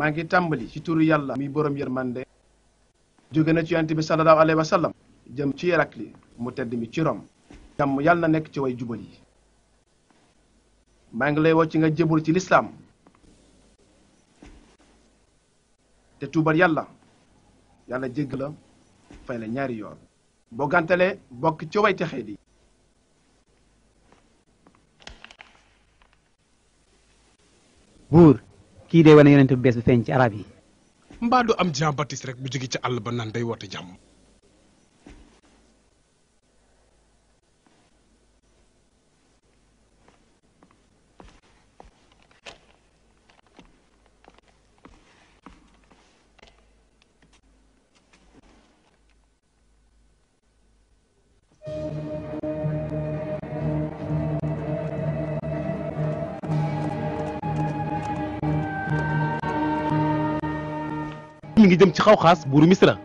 maa ngi tàmbali ci turu yàlla mi borom yërmande jóge na ci yonent bi sallallahu alayhi wa jëm ci Hérakli mu tedd mi ci Rome jàmm yàlla na nekk ci way jubal yi maa ngi lay woo ci nga jébul ci lislaam te tuubal yàlla yàlla jégg la fay la ñaari yoon boo gàntalee bokk ci way texee di buur kii dee wane yonent bu bees bi feeñ ci arab yi mbaa du am Jean Baptiste rek bu jóge ci àll ba naan day woote jàmm jëm ci xawxaas buuru misra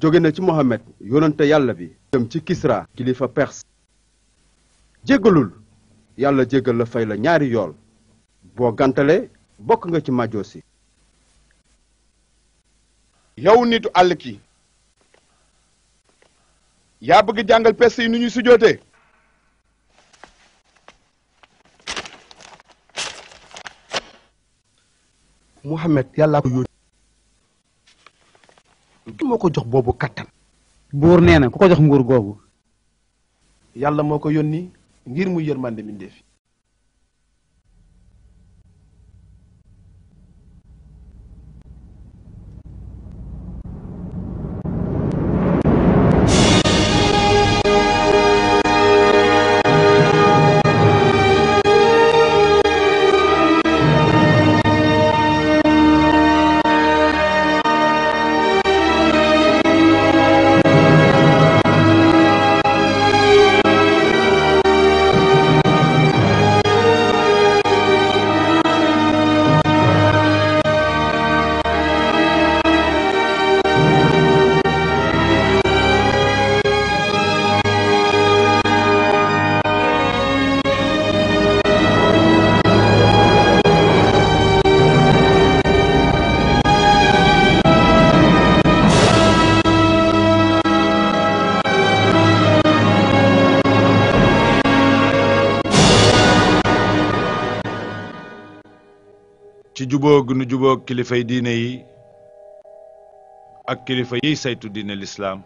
jóge na ci Mohamed yonante yàlla bi jëm ci Kisra kilifa perse jéggalul yàlla jéggal la fay la ñaari yool boo gantale bokk nga ci majoosi yow nitu àll ki yaa bëgg jàngal peste yi ñu ñuy sujjootee Muhammad yàllaa ko yónni moo ko jox boobu kattan buur nee na ku ko jox nguur googu yàlla moo ko yónni ngir mu yërmande mbindeef ci jubóo gu nu jubóo kilifay diine yi ak kilifa yi saytu diine lislaam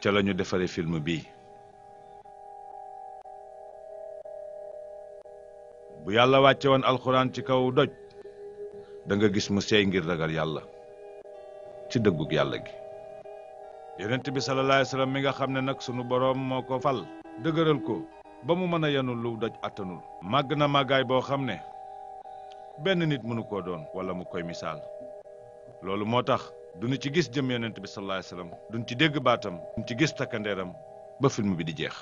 ca lañu defare defaree film bii bu yàlla wàcce woon alxuraan ci kaw doj danga nga gis mu seey ngir ragal yàlla ci dëggug yàlla gi yonent bi sallallahu mi nga xam ne nag sunu boroom moo ko fal dëgëral ko ba mu mën a yenu lu doj attanul màgg na màggaay boo xam ne benn nit mënu ko doon wala mu koy misaal loolu moo tax duñu ci gis jëm yonent bi sallallahu alayhi wasallam duñ ci dégg baatam duñ ci gis takkandeeram ba film bi di jeex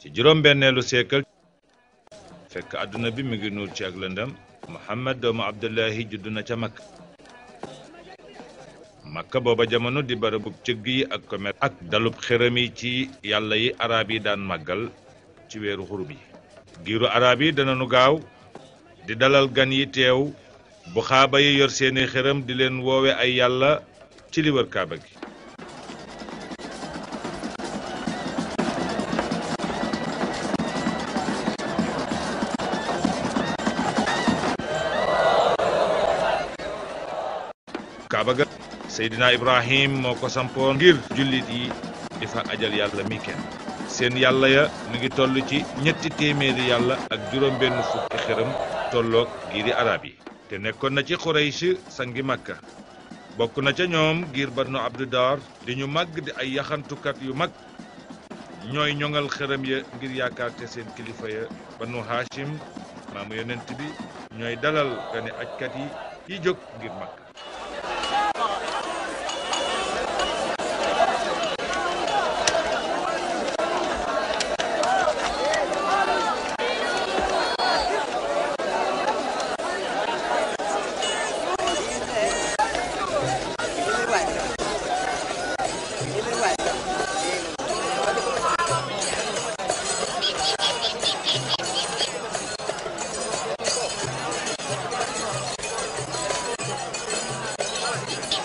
ci juróom-benneelu siècle fekk àdduna bi mu ngi nuur ci ak Muhammad doomu Abdullahi juddu na ca mag makka booba jamono di barabub cëgg yi ak commerce ak dalub xërëm yi ci yàlla yi araab yi daan màggal ci weeru xurub yi giiru araab yi dana gaaw di dalal gan yi teew bu xaaba yi yor seeni xërëm di leen woowe ay yàlla ci liwar kaaba gi Seydina Ibrahim moo ko sampoon ngir jullit yi di fa ajal yàlla mi kenn seen yàlla ya mu ngi toll ci ñetti téeméeri yàlla ak juróom-benn fukki xërëm tolloog giiri arab yi te nekkoon na ci Quraysh sangi Makka bokk na ca ñoom ngir Banu Abdu Daar di ñu màgg di ay yaxantukat yu mag ñooy ñoŋal xërëm ya ngir yaakaar te seen kilifa ya Banu Haashim maamu yonent bi ñooy dalal gane ajkat yi yi jóg ngir Makka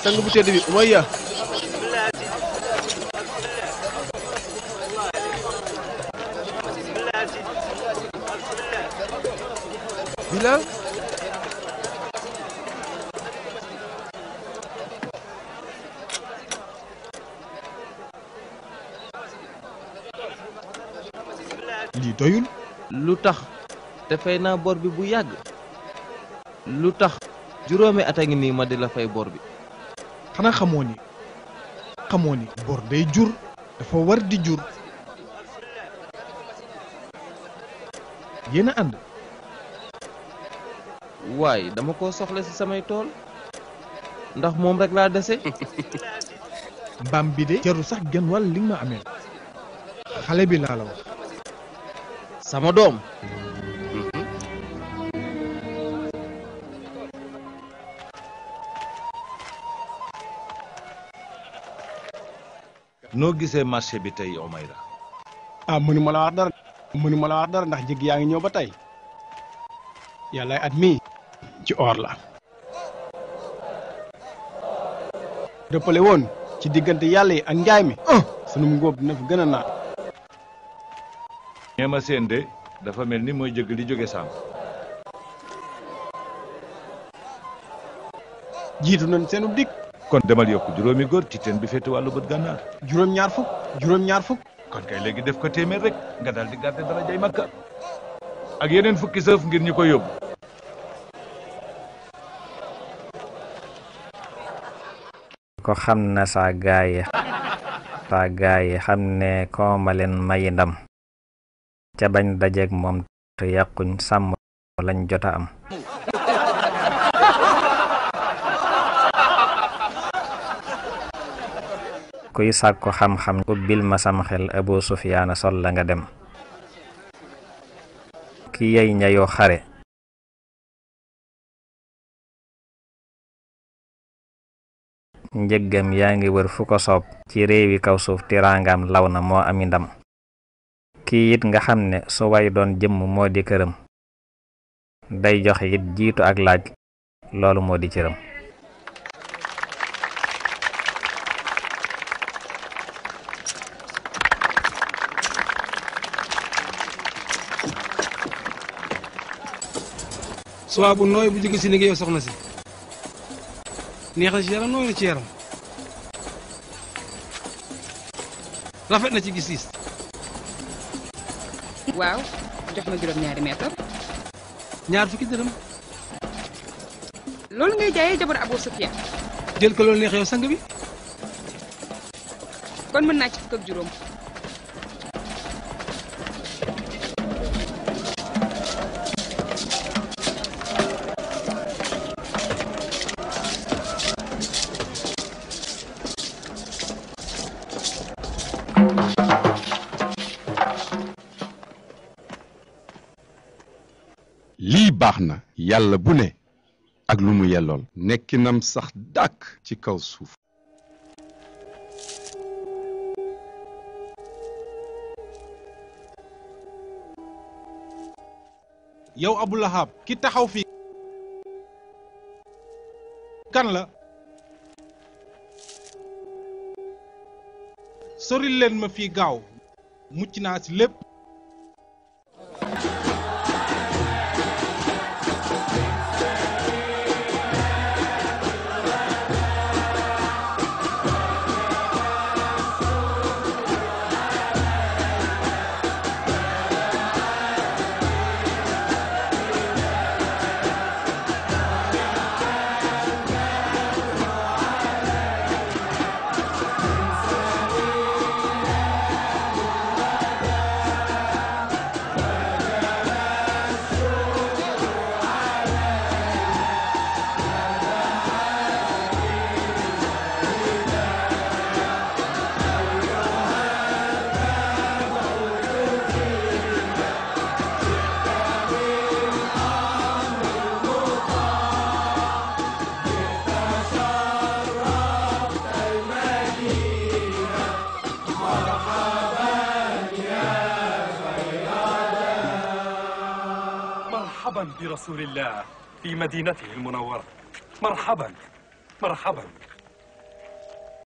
sang bu tedd lii doyul lu tax te fay naa bor bi bu yàgg lu tax juróomi at a ngi nii ma di la fay bor bi xana xamoo ni xamoo ni bor day jur dafa war di jur yéen a ànd waaye dama ko soxle ci samay tool ndax moom rek laa dese mbaam bi de jarul sax genn wàll li nga ma amee xale bi laa la wax sama doom noo gisee marché bi tey Omayra. ah mënu ma la wax dara. mënu la wax dara ndax jéggi yaa ngi ñëw ba tey. yàllaay at mii. ci or la. dëppale woon ci diggante yàlla yi ak njaay mi. Ah! sunu ngóob dina fi gën a naat. ñeem seen de dafa mel ni mooy jëgg li jóge saam. jiitu nañ seenu dikk. kon demal yokk juróomi góor teen bi féete wàllu bët gànnaar. juróom ñaar fukk kon kay léegi def ko téeméer rek nga daal di gàdde dara makka. ak yeneen fukki sëf ngir ñu ko yóbbu. ko xam na saa gaay saa gaay xam ne koo ma leen may ndam. ca bañ dajeeg moom te yàquñ sàmm lañ jota am. kuy sàkku xam-xam ubbil ma sam xel abu sufiyaana sol la nga dem ki yey ñayoo xare njëggam yaa ngi wër fu ko soob ci réewi kaw suuf tiraangaam law na moo ami ndam kii it nga xam ne su way doon jëmm moo di këram day joxe it jiitu ak laaj loolu moo di cëram soit bu nooy bu jóge si ni nga soxna si neex na ci yaram nooy na ci yaram rafet na ci gis-gis. waaw jox ma juróom-ñaari meetar. ñaar fukki dërëm. loolu ngay jaayee jël ko loolu neex yow sang bi. kon mën naa ci fukk juróom. baax na yàlla bu ne ak lu mu yellool sax dàkk ci kaw yow Abu Lahab ki taxaw fii kan la soril leen ma fi gaaw mucc naa ci lépp عبد رسول الله في مدينته المنورة مرحبا مرحبا